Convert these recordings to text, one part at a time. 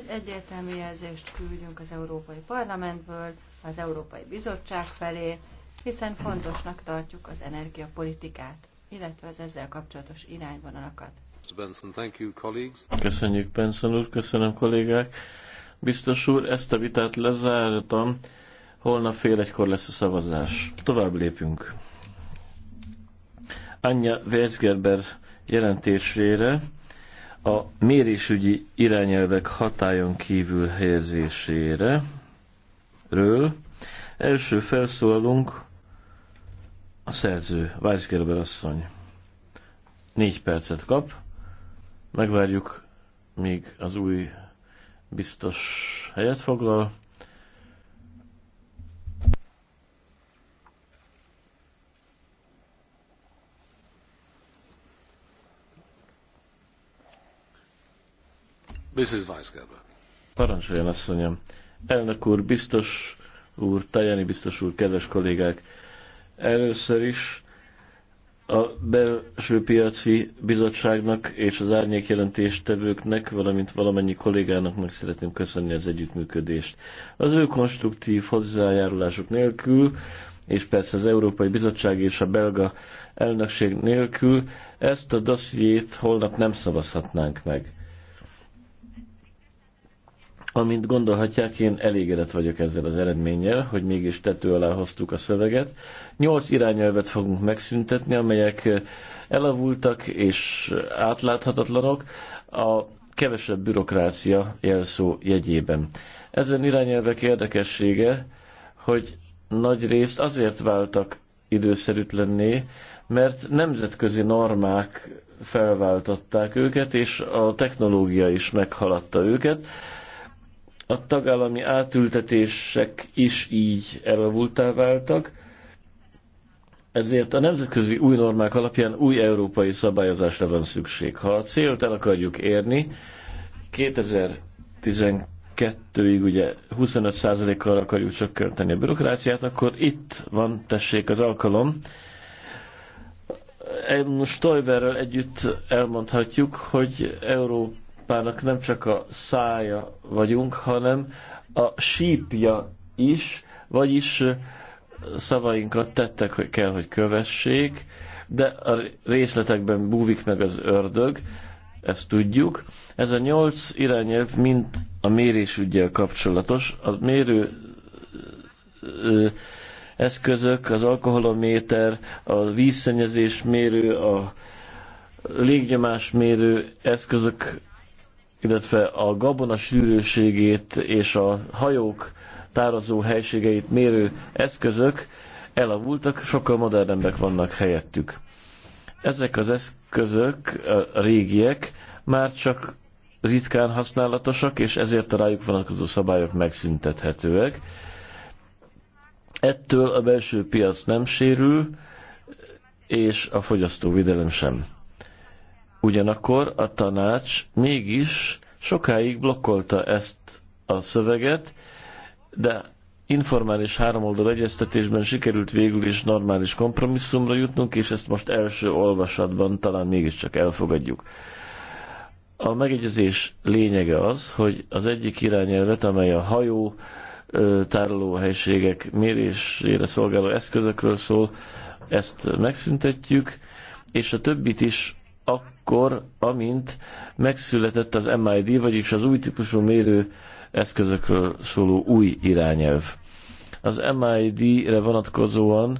hogy egyértelmű jelzést küldjünk az Európai Parlamentből, az Európai Bizottság felé, hiszen fontosnak tartjuk az energiapolitikát, illetve az ezzel kapcsolatos irányvonalakat. Benson, thank you, colleagues. Köszönjük, Benson úr, köszönöm, kollégák. Biztos úr, ezt a vitát lezártam. Holnap fél egykor lesz a szavazás. Tovább lépünk. Anya Weisgerber jelentésére a mérésügyi irányelvek hatályon kívül helyezésére ről. Első felszólalunk a szerző, Weisgerber asszony. Négy percet kap. Megvárjuk, míg az új biztos helyet foglal. Mrs. Parancsoljon, asszonyom. Elnök úr, biztos úr, Tajani biztos úr, kedves kollégák! Először is a belső piaci bizottságnak és az árnyék jelentéstevőknek, valamint valamennyi kollégának meg szeretném köszönni az együttműködést. Az ő konstruktív hozzájárulásuk nélkül, és persze az Európai Bizottság és a belga elnökség nélkül ezt a dossziét holnap nem szavazhatnánk meg. Amint gondolhatják, én elégedett vagyok ezzel az eredménnyel, hogy mégis tető alá hoztuk a szöveget. Nyolc irányelvet fogunk megszüntetni, amelyek elavultak és átláthatatlanok a kevesebb bürokrácia jelszó jegyében. Ezen irányelvek érdekessége, hogy nagy részt azért váltak időszerűtlenné, mert nemzetközi normák felváltották őket, és a technológia is meghaladta őket a tagállami átültetések is így elavultá váltak, ezért a nemzetközi új normák alapján új európai szabályozásra van szükség. Ha a célt el akarjuk érni, 2012-ig ugye 25%-kal akarjuk csökkenteni a bürokráciát, akkor itt van, tessék, az alkalom. Stoiberrel együtt elmondhatjuk, hogy Európa pápának nem csak a szája vagyunk, hanem a sípja is, vagyis szavainkat tettek, hogy kell, hogy kövessék, de a részletekben búvik meg az ördög, ezt tudjuk. Ez a nyolc irányelv mind a mérésügyel kapcsolatos. A mérő eszközök, az alkoholométer, a vízszennyezés mérő, a légnyomás mérő eszközök illetve a gabona sűrűségét és a hajók tározó helységeit mérő eszközök elavultak, sokkal modernebbek vannak helyettük. Ezek az eszközök, a régiek, már csak ritkán használatosak, és ezért a rájuk vonatkozó szabályok megszüntethetőek. Ettől a belső piac nem sérül, és a fogyasztóvédelem sem. Ugyanakkor a tanács mégis sokáig blokkolta ezt a szöveget, de informális háromoldal egyeztetésben sikerült végül is normális kompromisszumra jutnunk, és ezt most első olvasatban talán mégiscsak elfogadjuk. A megegyezés lényege az, hogy az egyik irányelvet, amely a hajó tárolóhelységek mérésére szolgáló eszközökről szól, ezt megszüntetjük, és a többit is akkor akkor, amint megszületett az MID, vagyis az új típusú mérő eszközökről szóló új irányelv. Az MID-re vonatkozóan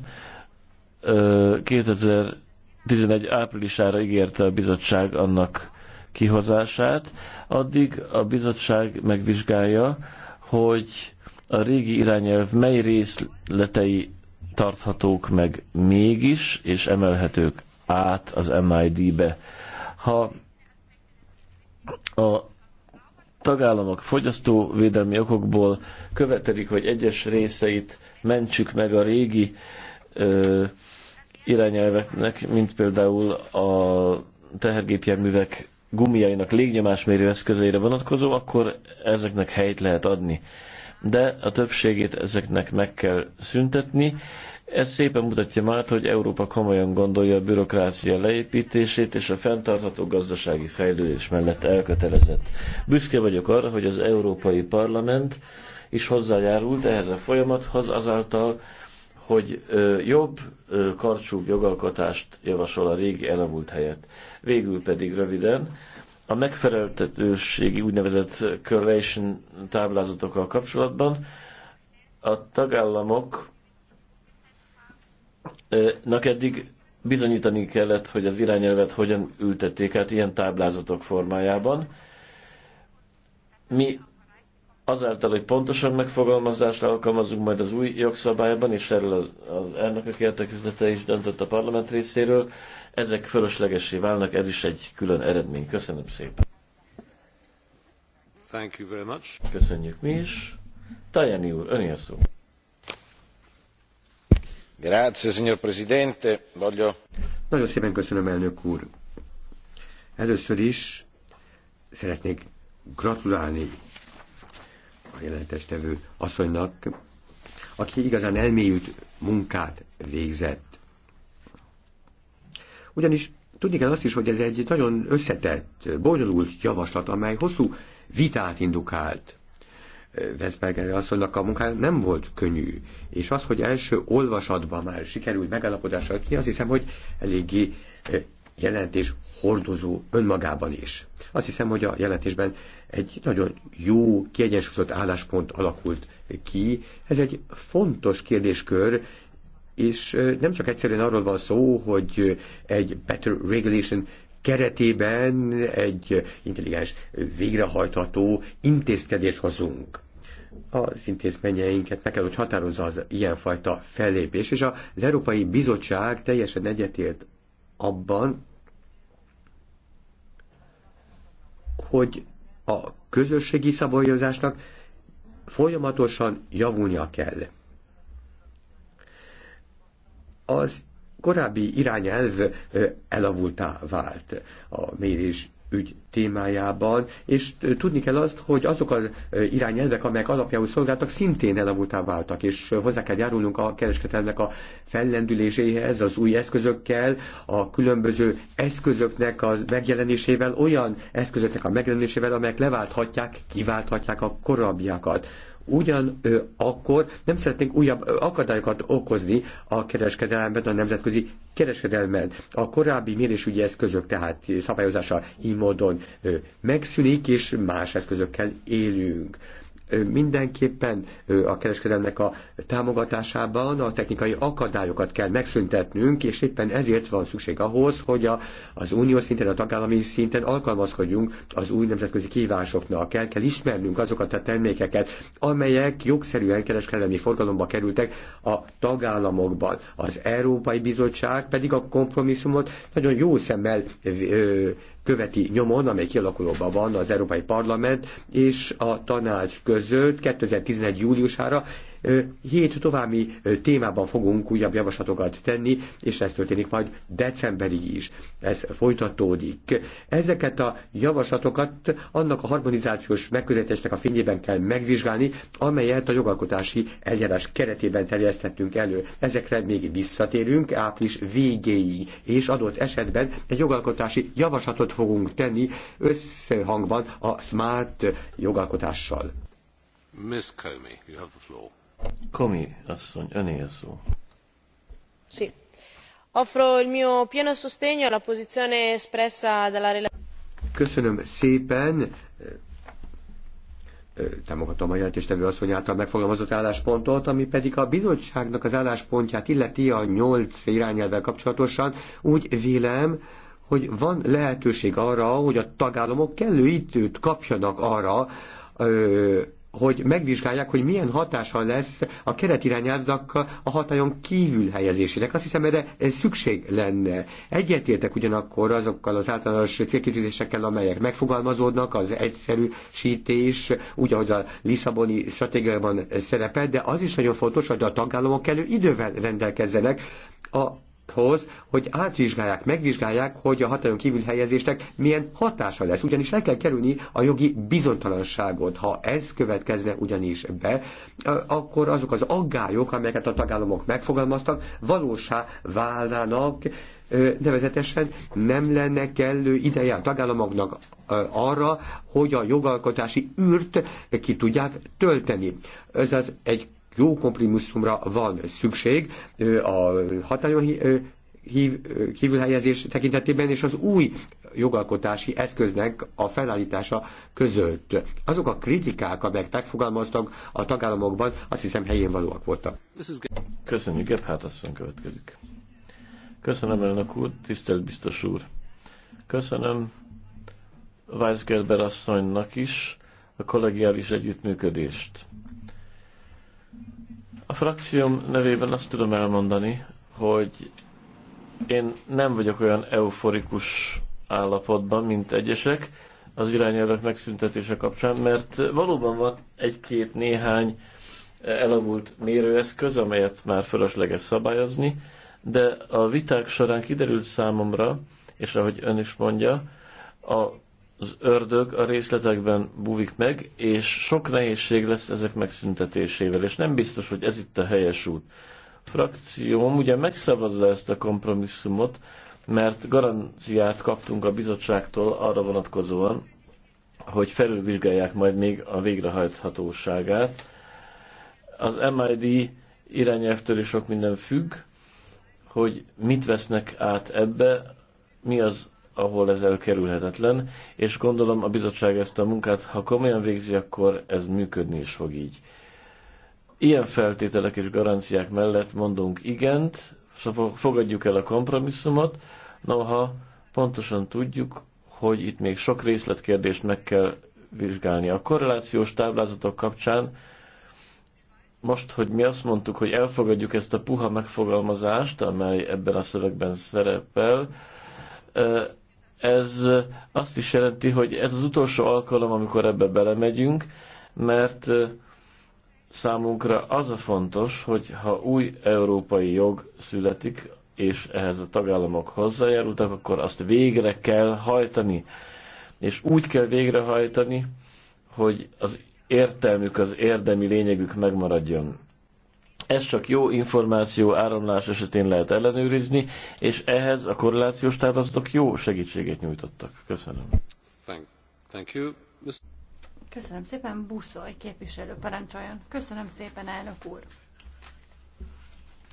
2011 áprilisára ígérte a bizottság annak kihozását, addig a bizottság megvizsgálja, hogy a régi irányelv mely részletei tarthatók meg mégis, és emelhetők át az MID-be ha a tagállamok fogyasztóvédelmi okokból követelik, hogy egyes részeit mentsük meg a régi ö, irányelveknek, mint például a tehergépjárművek gumiainak légnyomásmérő eszközeire vonatkozó, akkor ezeknek helyt lehet adni. De a többségét ezeknek meg kell szüntetni, ez szépen mutatja már, hogy Európa komolyan gondolja a bürokrácia leépítését és a fenntartható gazdasági fejlődés mellett elkötelezett. Büszke vagyok arra, hogy az Európai Parlament is hozzájárult ehhez a folyamathoz azáltal, hogy jobb, ö, karcsúbb jogalkotást javasol a régi elavult helyett. Végül pedig röviden, a megfeleltetőségi úgynevezett correlation táblázatokkal kapcsolatban a tagállamok Na, eddig bizonyítani kellett, hogy az irányelvet hogyan ültették át ilyen táblázatok formájában. Mi azáltal, hogy pontosan megfogalmazást alkalmazunk majd az új jogszabályban, és erről az, az elnökök értekezlete is döntött a parlament részéről, ezek fölöslegesé válnak, ez is egy külön eredmény. Köszönöm szépen. Thank you very much. Köszönjük mi is. Tajani úr, öné a szó signor Presidente. Voglio... Nagyon elnök úr. Először is szeretnék gratulálni a jelentéstevő asszonynak, aki igazán elmélyült munkát végzett. Ugyanis tudni kell azt is, hogy ez egy nagyon összetett, bonyolult javaslat, amely hosszú vitát indukált. Veszberger asszonynak a munkája nem volt könnyű, és az, hogy első olvasatban már sikerült megállapodásra ki, azt hiszem, hogy eléggé jelentés hordozó önmagában is. Azt hiszem, hogy a jelentésben egy nagyon jó, kiegyensúlyozott álláspont alakult ki. Ez egy fontos kérdéskör, és nem csak egyszerűen arról van szó, hogy egy better regulation keretében egy intelligens végrehajtható intézkedést hozunk az intézményeinket meg kell, hogy határozza az ilyenfajta fellépés, és az Európai Bizottság teljesen egyetért abban, hogy a közösségi szabályozásnak folyamatosan javulnia kell. Az korábbi irányelv elavultá vált a mérés ügy témájában, és tudni kell azt, hogy azok az irányelvek, amelyek alapjául szolgáltak, szintén elavultá váltak, és hozzá kell járulnunk a kereskedelmek a fellendüléséhez, az új eszközökkel, a különböző eszközöknek a megjelenésével, olyan eszközöknek a megjelenésével, amelyek leválthatják, kiválthatják a korábbiakat ugyan akkor nem szeretnénk újabb akadályokat okozni a kereskedelemben, a nemzetközi kereskedelmen. A korábbi mérésügyi eszközök, tehát szabályozása így módon megszűnik, és más eszközökkel élünk mindenképpen a kereskedelmek a támogatásában a technikai akadályokat kell megszüntetnünk, és éppen ezért van szükség ahhoz, hogy a, az unió szinten, a tagállami szinten alkalmazkodjunk az új nemzetközi kívásoknak. El kell ismernünk azokat a termékeket, amelyek jogszerűen kereskedelmi forgalomba kerültek a tagállamokban. Az Európai Bizottság pedig a kompromisszumot nagyon jó szemmel követi nyomon, amely kialakulóban van az Európai Parlament és a tanács között 2011. júliusára Hét további témában fogunk újabb javaslatokat tenni, és ez történik majd decemberig is. Ez folytatódik. Ezeket a javaslatokat annak a harmonizációs megközelítésnek a fényében kell megvizsgálni, amelyet a jogalkotási eljárás keretében terjesztettünk elő. Ezekre még visszatérünk április végéig, és adott esetben egy jogalkotási javaslatot fogunk tenni összehangban a smart jogalkotással. Ms. Comey, you have the floor. Komi asszony, öné a szó. Sí. Offro il mio pieno sostegno alla posizione espressa dalla relazione. Köszönöm szépen. Támogatom a jelentéstevő asszony által megfogalmazott álláspontot, ami pedig a bizottságnak az álláspontját illeti a nyolc irányelvvel kapcsolatosan. Úgy vélem, hogy van lehetőség arra, hogy a tagállamok kellő időt kapjanak arra, hogy megvizsgálják, hogy milyen hatása lesz a keretirányázatnak a hatályon kívül helyezésének. Azt hiszem, erre ez szükség lenne. Egyetértek ugyanakkor azokkal az általános célkitűzésekkel, amelyek megfogalmazódnak, az egyszerűsítés, úgy, ahogy a Lisszaboni stratégiában szerepel, de az is nagyon fontos, hogy a tagállamok elő idővel rendelkezzenek a hoz, hogy átvizsgálják, megvizsgálják, hogy a hatályon kívül helyezésnek milyen hatása lesz. Ugyanis le kell kerülni a jogi bizonytalanságot. Ha ez következne ugyanis be, akkor azok az aggályok, amelyeket a tagállamok megfogalmaztak, valósá válnának, nevezetesen nem lenne kellő ideje a tagállamoknak arra, hogy a jogalkotási űrt ki tudják tölteni. Ez az egy jó kompromisszumra van szükség a hatályon kívülhelyezés tekintetében és az új jogalkotási eszköznek a felállítása között. Azok a kritikák, amelyek megfogalmaztak a tagállamokban, azt hiszem helyén valóak voltak. Köszönjük, Gebhardt asszony következik. Köszönöm, elnök úr, tisztelt biztos úr. Köszönöm Gerber asszonynak is a kollegiális együttműködést. A frakcióm nevében azt tudom elmondani, hogy én nem vagyok olyan euforikus állapotban, mint egyesek az irányelvek megszüntetése kapcsán, mert valóban van egy-két néhány elavult mérőeszköz, amelyet már fölösleges szabályozni, de a viták során kiderült számomra, és ahogy ön is mondja, a az ördög a részletekben búvik meg, és sok nehézség lesz ezek megszüntetésével, és nem biztos, hogy ez itt a helyes út. A frakcióm ugye megszavazza ezt a kompromisszumot, mert garanciát kaptunk a bizottságtól arra vonatkozóan, hogy felülvizsgálják majd még a végrehajthatóságát. Az MID irányelvtől is sok minden függ, hogy mit vesznek át ebbe, mi az ahol ez elkerülhetetlen, és gondolom a bizottság ezt a munkát, ha komolyan végzi, akkor ez működni is fog így. Ilyen feltételek és garanciák mellett mondunk igent, szóval fogadjuk el a kompromisszumot, noha pontosan tudjuk, hogy itt még sok részletkérdést meg kell vizsgálni. A korrelációs táblázatok kapcsán most, hogy mi azt mondtuk, hogy elfogadjuk ezt a puha megfogalmazást, amely ebben a szövegben szerepel, ez azt is jelenti, hogy ez az utolsó alkalom, amikor ebbe belemegyünk, mert számunkra az a fontos, hogy ha új európai jog születik, és ehhez a tagállamok hozzájárultak, akkor azt végre kell hajtani. És úgy kell végrehajtani, hogy az értelmük, az érdemi lényegük megmaradjon. Ezt csak jó információ áramlás esetén lehet ellenőrizni, és ehhez a korrelációs táblázatok jó segítséget nyújtottak. Köszönöm. Thank, thank you. Köszönöm szépen, Buszoly képviselő parancsoljon. Köszönöm szépen, elnök úr.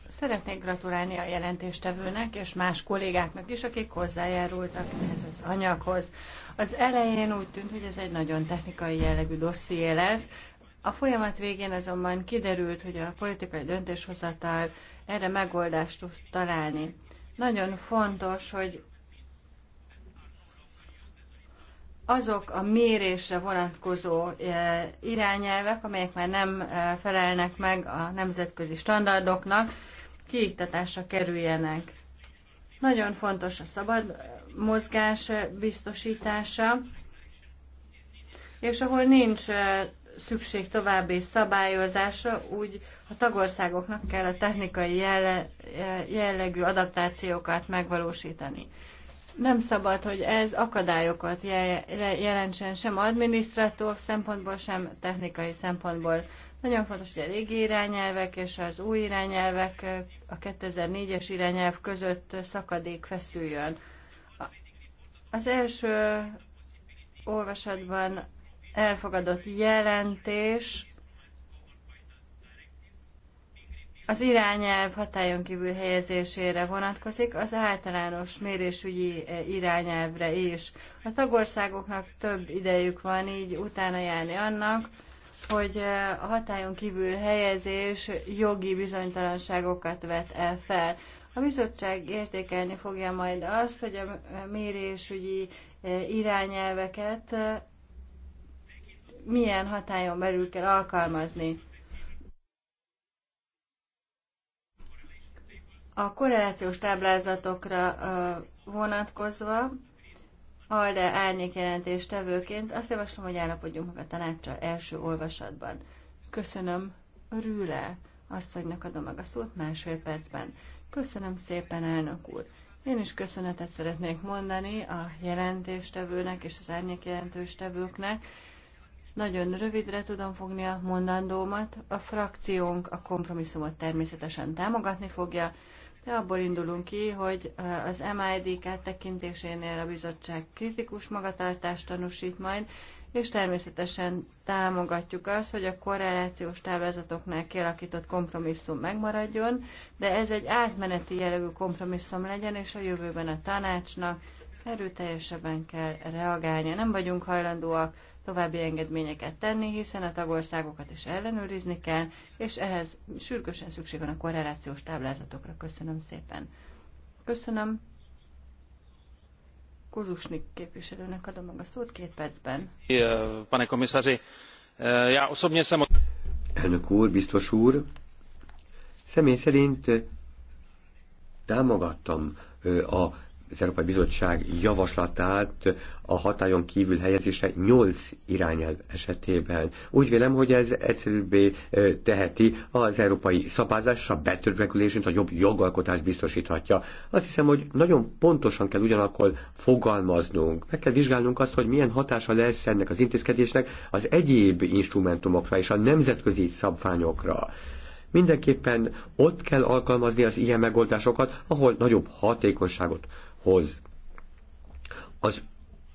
Szeretnék gratulálni a jelentéstevőnek és más kollégáknak is, akik hozzájárultak ehhez az anyaghoz. Az elején úgy tűnt, hogy ez egy nagyon technikai jellegű dosszié lesz, a folyamat végén azonban kiderült, hogy a politikai döntéshozatal erre megoldást tud találni. Nagyon fontos, hogy azok a mérésre vonatkozó e, irányelvek, amelyek már nem e, felelnek meg a nemzetközi standardoknak, kiiktatásra kerüljenek. Nagyon fontos a szabad mozgás biztosítása, és ahol nincs e, szükség további szabályozásra, úgy a tagországoknak kell a technikai jelle, jellegű adaptációkat megvalósítani. Nem szabad, hogy ez akadályokat jelentsen sem adminisztratív szempontból, sem technikai szempontból. Nagyon fontos, hogy a régi irányelvek és az új irányelvek, a 2004-es irányelv között szakadék feszüljön. Az első olvasatban elfogadott jelentés az irányelv hatályon kívül helyezésére vonatkozik, az általános mérésügyi eh, irányelvre is. A tagországoknak több idejük van így utána járni annak, hogy eh, a hatályon kívül helyezés jogi bizonytalanságokat vet el fel. A bizottság értékelni fogja majd azt, hogy a mérésügyi eh, irányelveket milyen hatályon belül kell alkalmazni. A korrelációs táblázatokra vonatkozva, Alde jelentés tevőként azt javaslom, hogy állapodjunk meg a tanácsal első olvasatban. Köszönöm Rüle asszonynak adom meg a szót másfél percben. Köszönöm szépen, elnök úr. Én is köszönetet szeretnék mondani a jelentéstevőnek és az árnyék tevőknek. Nagyon rövidre tudom fogni a mondandómat. A frakciónk a kompromisszumot természetesen támogatni fogja, de abból indulunk ki, hogy az MIDK tekintésénél a bizottság kritikus magatartást tanúsít majd, és természetesen támogatjuk azt, hogy a korrelációs táblázatoknál kialakított kompromisszum megmaradjon, de ez egy átmeneti jellegű kompromisszum legyen, és a jövőben a tanácsnak erőteljesebben kell reagálnia. Nem vagyunk hajlandóak további engedményeket tenni, hiszen a tagországokat is ellenőrizni kell, és ehhez sürgősen szükség van a korrelációs táblázatokra. Köszönöm szépen. Köszönöm. Kozusnik képviselőnek adom meg a szót két percben. Pane komisszázi, já osobně jsem... Elnök úr, biztos úr, személy szerint támogattam a az Európai Bizottság javaslatát a hatályon kívül helyezésre 8 irányelv esetében. Úgy vélem, hogy ez egyszerűbbé teheti az európai szabályzás, a better regulation a jobb jogalkotás biztosíthatja. Azt hiszem, hogy nagyon pontosan kell ugyanakkor fogalmaznunk. Meg kell vizsgálnunk azt, hogy milyen hatása lesz ennek az intézkedésnek az egyéb instrumentumokra és a nemzetközi szabványokra mindenképpen ott kell alkalmazni az ilyen megoldásokat, ahol nagyobb hatékonyságot hoz. Az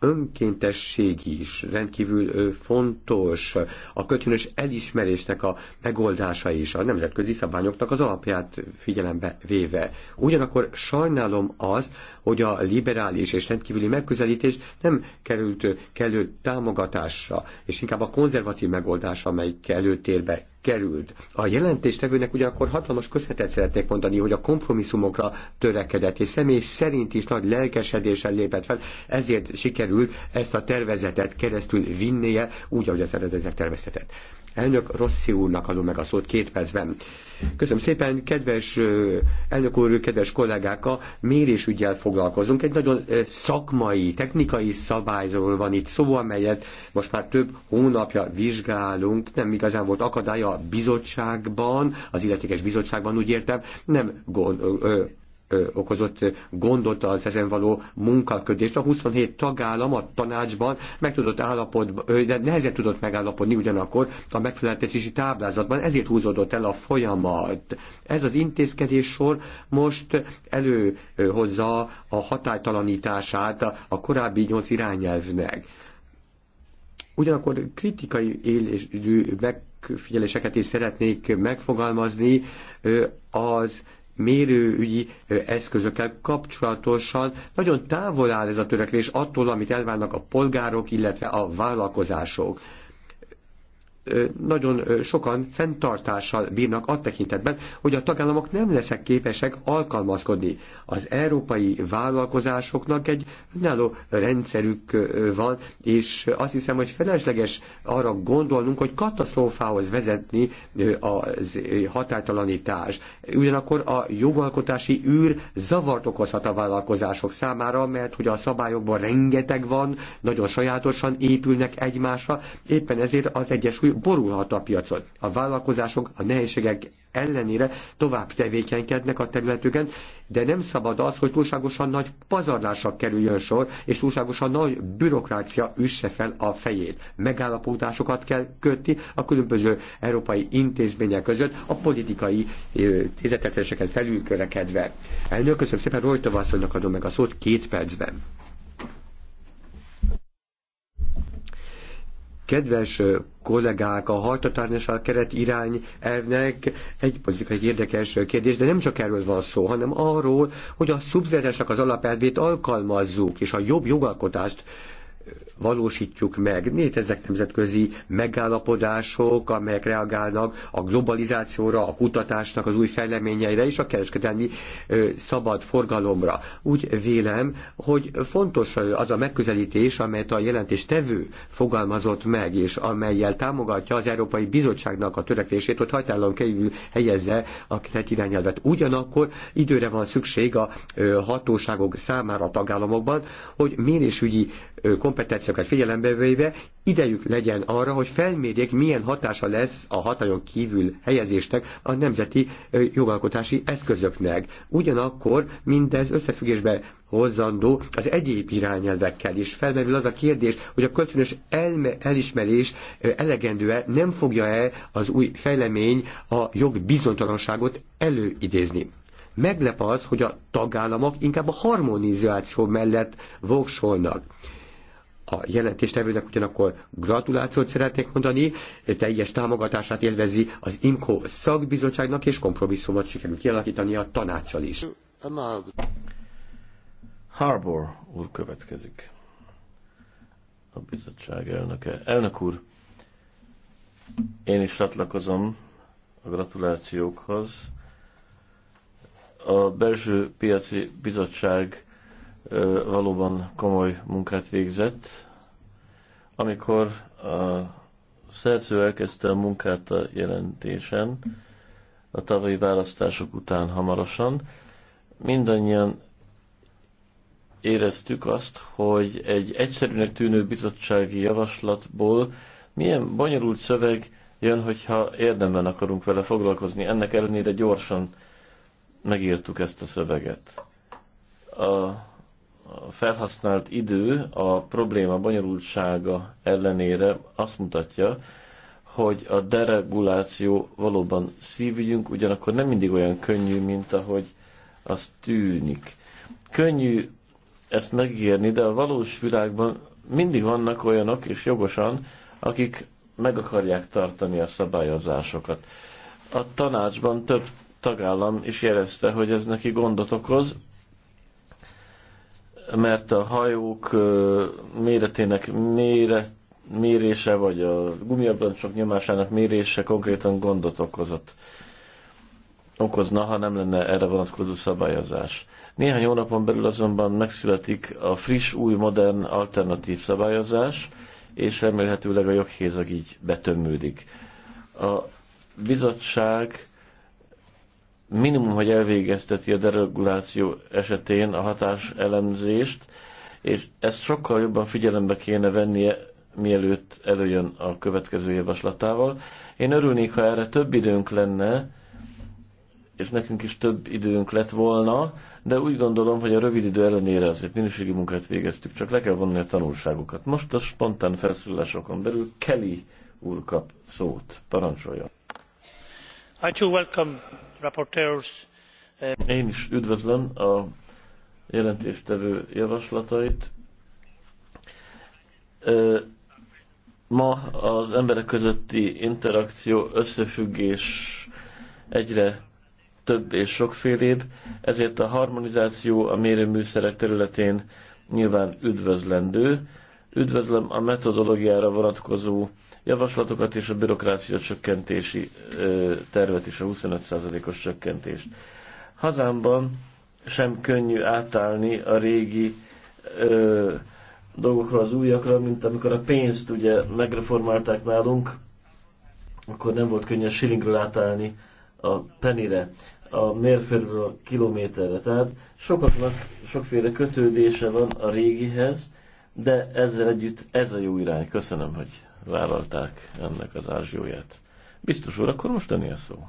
önkéntesség is rendkívül fontos, a kölcsönös elismerésnek a megoldása is, a nemzetközi szabványoknak az alapját figyelembe véve. Ugyanakkor sajnálom az, hogy a liberális és rendkívüli megközelítés nem került kellő támogatásra, és inkább a konzervatív megoldás, amelyik előtérbe került. A jelentéstevőnek ugyanakkor hatalmas köszönetet szeretnék mondani, hogy a kompromisszumokra törekedett, és személy szerint is nagy lelkesedéssel lépett fel, ezért sikerült ezt a tervezetet keresztül vinnie, úgy, ahogy az eredetnek tervezetett. Elnök Rossi úrnak adom meg a szót két percben. Köszönöm szépen, kedves elnök úr, kedves kollégák, a mérésügyel foglalkozunk. Egy nagyon szakmai, technikai szabályról van itt szó, amelyet most már több hónapja vizsgálunk. Nem igazán volt akadálya bizottságban, az illetékes bizottságban úgy értem, nem gond, ö, ö, okozott gondot az ezen való munkaködést. A 27 tagállam a tanácsban meg tudott állapodni, de nehezen tudott megállapodni ugyanakkor a megfeleltetési táblázatban, ezért húzódott el a folyamat. Ez az intézkedés sor most előhozza a hatálytalanítását a korábbi nyolc irányelvnek. Ugyanakkor kritikai élésű meg megfigyeléseket is szeretnék megfogalmazni az mérőügyi eszközökkel kapcsolatosan nagyon távol áll ez a törekvés attól, amit elvárnak a polgárok, illetve a vállalkozások nagyon sokan fenntartással bírnak a tekintetben, hogy a tagállamok nem leszek képesek alkalmazkodni. Az európai vállalkozásoknak egy önálló rendszerük van, és azt hiszem, hogy felesleges arra gondolnunk, hogy katasztrófához vezetni az határtalanítás. Ugyanakkor a jogalkotási űr zavart okozhat a vállalkozások számára, mert hogy a szabályokban rengeteg van, nagyon sajátosan épülnek egymásra, éppen ezért az egyes új borulhat a piacon. A vállalkozások a nehézségek ellenére tovább tevékenykednek a területüken, de nem szabad az, hogy túlságosan nagy pazarlásra kerüljön sor, és túlságosan nagy bürokrácia üsse fel a fejét. Megállapodásokat kell kötni a különböző európai intézmények között, a politikai tizeteteseket felülkörekedve. Elnök, köszönöm szépen, Rojtov asszonynak adom meg a szót két percben. kedves kollégák, a hajtatárnyoság keret irány elvnek egy politikai érdekes kérdés, de nem csak erről van szó, hanem arról, hogy a szubszidiásnak az alapelvét alkalmazzuk, és a jobb jogalkotást valósítjuk meg. Léteznek nemzetközi megállapodások, amelyek reagálnak a globalizációra, a kutatásnak az új fejleményeire és a kereskedelmi szabad forgalomra. Úgy vélem, hogy fontos az a megközelítés, amelyet a jelentéstevő fogalmazott meg, és amelyel támogatja az Európai Bizottságnak a törekvését, hogy hajtállam kívül helyezze a keret irányelvet. Ugyanakkor időre van szükség a hatóságok számára a tagállamokban, hogy mérésügyi kompetenciák információkat figyelembe véve idejük legyen arra, hogy felmérjék, milyen hatása lesz a hatályon kívül helyezésnek a nemzeti jogalkotási eszközöknek. Ugyanakkor mindez összefüggésbe hozzandó az egyéb irányelvekkel is. Felmerül az a kérdés, hogy a kölcsönös elme, elismerés elegendő-e, nem fogja-e az új fejlemény a jog bizonytalanságot előidézni. Meglep az, hogy a tagállamok inkább a harmonizáció mellett voksolnak. A jelentéstevőnek ugyanakkor gratulációt szeretnék mondani, teljes támogatását élvezi az IMCO szakbizottságnak, és kompromisszumot sikerül kialakítani a tanácssal is. Harbour úr következik. A bizottság elnöke. Elnök úr, én is csatlakozom a gratulációkhoz. A belső piaci bizottság valóban komoly munkát végzett. Amikor a szerző elkezdte a munkát a jelentésen, a tavalyi választások után hamarosan, mindannyian éreztük azt, hogy egy egyszerűnek tűnő bizottsági javaslatból milyen bonyolult szöveg jön, hogyha érdemben akarunk vele foglalkozni. Ennek ellenére gyorsan megírtuk ezt a szöveget. A felhasznált idő a probléma bonyolultsága ellenére azt mutatja, hogy a dereguláció valóban szívügyünk, ugyanakkor nem mindig olyan könnyű, mint ahogy az tűnik. Könnyű ezt megírni, de a valós világban mindig vannak olyanok, és jogosan, akik meg akarják tartani a szabályozásokat. A tanácsban több tagállam is jelezte, hogy ez neki gondot okoz, mert a hajók méretének mére mérése, vagy a gumiabancsok nyomásának mérése konkrétan gondot okozott. Okozna, ha nem lenne erre vonatkozó szabályozás. Néhány hónapon belül azonban megszületik a friss, új, modern, alternatív szabályozás, és remélhetőleg a joghézag így betömődik. A bizottság minimum, hogy elvégezteti a dereguláció esetén a hatás elemzést, és ezt sokkal jobban figyelembe kéne vennie, mielőtt előjön a következő javaslatával. Én örülnék, ha erre több időnk lenne, és nekünk is több időnk lett volna, de úgy gondolom, hogy a rövid idő ellenére azért minőségi munkát végeztük, csak le kell vonni a tanulságokat. Most a spontán felszólásokon belül Kelly úr kap szót. Parancsoljon! I too welcome Euh, Én is üdvözlöm a jelentéstevő javaslatait. Ma az emberek közötti interakció, összefüggés egyre több és sokfélébb, ezért a harmonizáció a mérőműszerek területén nyilván üdvözlendő, Üdvözlöm a metodológiára vonatkozó javaslatokat és a bürokrácia csökkentési tervet és a 25%-os csökkentést. Hazámban sem könnyű átállni a régi ö, dolgokra az újakra, mint amikor a pénzt ugye megreformálták nálunk, akkor nem volt könnyű a shillingről átállni a penire, a mérföldről a kilométerre. Tehát sokaknak sokféle kötődése van a régihez, de ezzel együtt ez a jó irány. Köszönöm, hogy vállalták ennek az ázsióját. Biztos úr, akkor most a szó.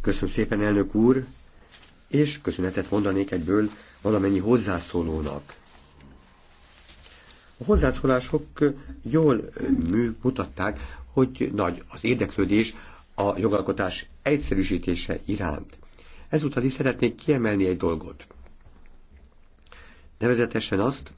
Köszönöm szépen, elnök úr, és köszönetet mondanék egyből valamennyi hozzászólónak. A hozzászólások jól mutatták, hogy nagy az érdeklődés a jogalkotás egyszerűsítése iránt. Ezúttal is szeretnék kiemelni egy dolgot. Nevezetesen azt,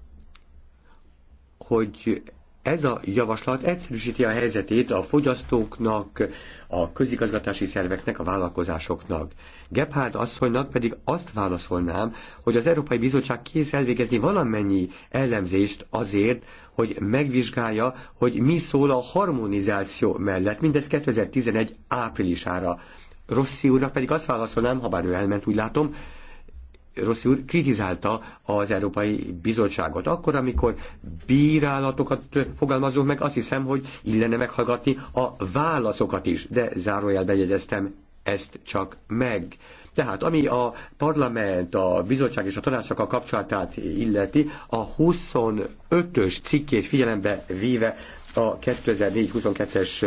hogy ez a javaslat egyszerűsíti a helyzetét a fogyasztóknak, a közigazgatási szerveknek, a vállalkozásoknak. Gebhard asszonynak pedig azt válaszolnám, hogy az Európai Bizottság kész elvégezni valamennyi ellenzést azért, hogy megvizsgálja, hogy mi szól a harmonizáció mellett, mindez 2011 áprilisára Rossi úrnak pedig azt válaszolnám, ha bár ő elment, úgy látom, Rossi úr kritizálta az Európai Bizottságot. Akkor, amikor bírálatokat fogalmazunk meg, azt hiszem, hogy illene meghallgatni a válaszokat is, de zárójelbe jegyeztem ezt csak meg. Tehát ami a parlament, a bizottság és a a kapcsolatát illeti, a 25-ös cikkét figyelembe véve a 2004-22-es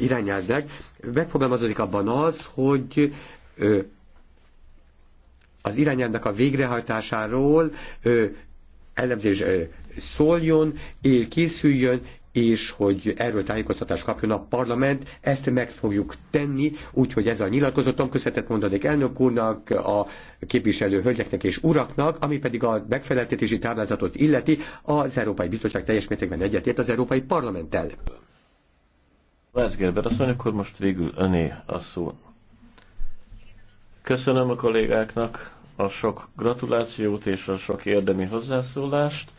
irányelvnek megfogalmazódik abban az, hogy az irányelvnek a végrehajtásáról elemzés szóljon, él készüljön, és hogy erről tájékoztatást kapjon a parlament. Ezt meg fogjuk tenni, úgyhogy ez a nyilatkozatom köszönetet mondanék elnök úrnak, a képviselő hölgyeknek és uraknak, ami pedig a megfeleltetési táblázatot illeti, az Európai Bizottság teljes mértékben egyetért az Európai Parlamenttel. Lász Gerber asszony, akkor most végül öné a szó. Köszönöm a kollégáknak a sok gratulációt és a sok érdemi hozzászólást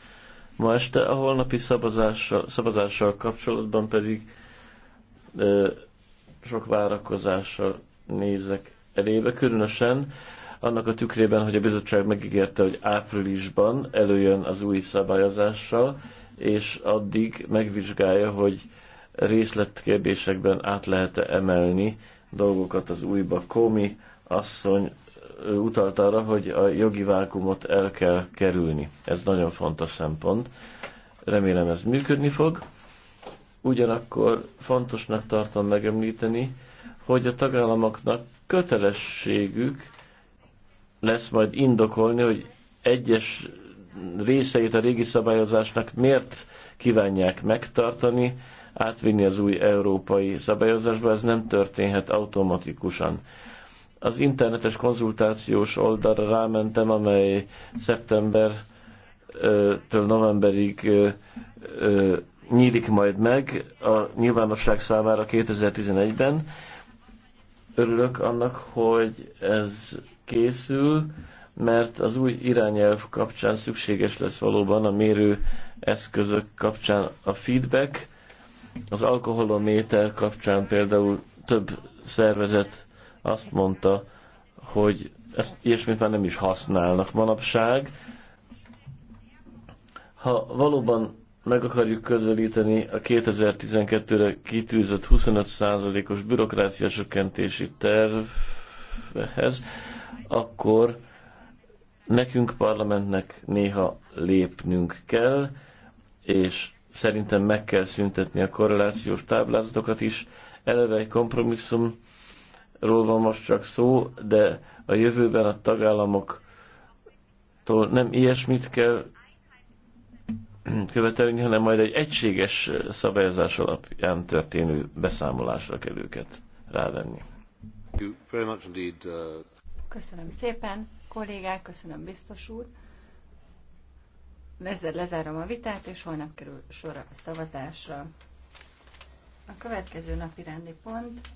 ma este, a holnapi szavazással, szavazással kapcsolatban pedig ö, sok várakozással nézek elébe, különösen annak a tükrében, hogy a bizottság megígérte, hogy áprilisban előjön az új szabályozással, és addig megvizsgálja, hogy részletkérdésekben át lehet -e emelni dolgokat az újba. Komi asszony utalt arra, hogy a jogi vákumot el kell kerülni. Ez nagyon fontos szempont. Remélem ez működni fog. Ugyanakkor fontosnak tartom megemlíteni, hogy a tagállamoknak kötelességük lesz majd indokolni, hogy egyes részeit a régi szabályozásnak miért kívánják megtartani, átvinni az új európai szabályozásba, ez nem történhet automatikusan az internetes konzultációs oldalra rámentem, amely szeptembertől novemberig nyílik majd meg a nyilvánosság számára 2011-ben. Örülök annak, hogy ez készül, mert az új irányelv kapcsán szükséges lesz valóban a mérő eszközök kapcsán a feedback. Az alkoholométer kapcsán például több szervezet azt mondta, hogy ezt ilyesmit már nem is használnak manapság. Ha valóban meg akarjuk közelíteni a 2012-re kitűzött 25%-os bürokrácia csökkentési tervhez, akkor nekünk parlamentnek néha lépnünk kell, és szerintem meg kell szüntetni a korrelációs táblázatokat is, eleve egy kompromisszum ról van most csak szó, de a jövőben a tagállamoktól nem ilyesmit kell követelni, hanem majd egy egységes szabályozás alapján történő beszámolásra kell őket rávenni. Köszönöm szépen, kollégák, köszönöm biztos úr. Ezzel lezárom a vitát, és holnap kerül sor a szavazásra. A következő napi rendi pont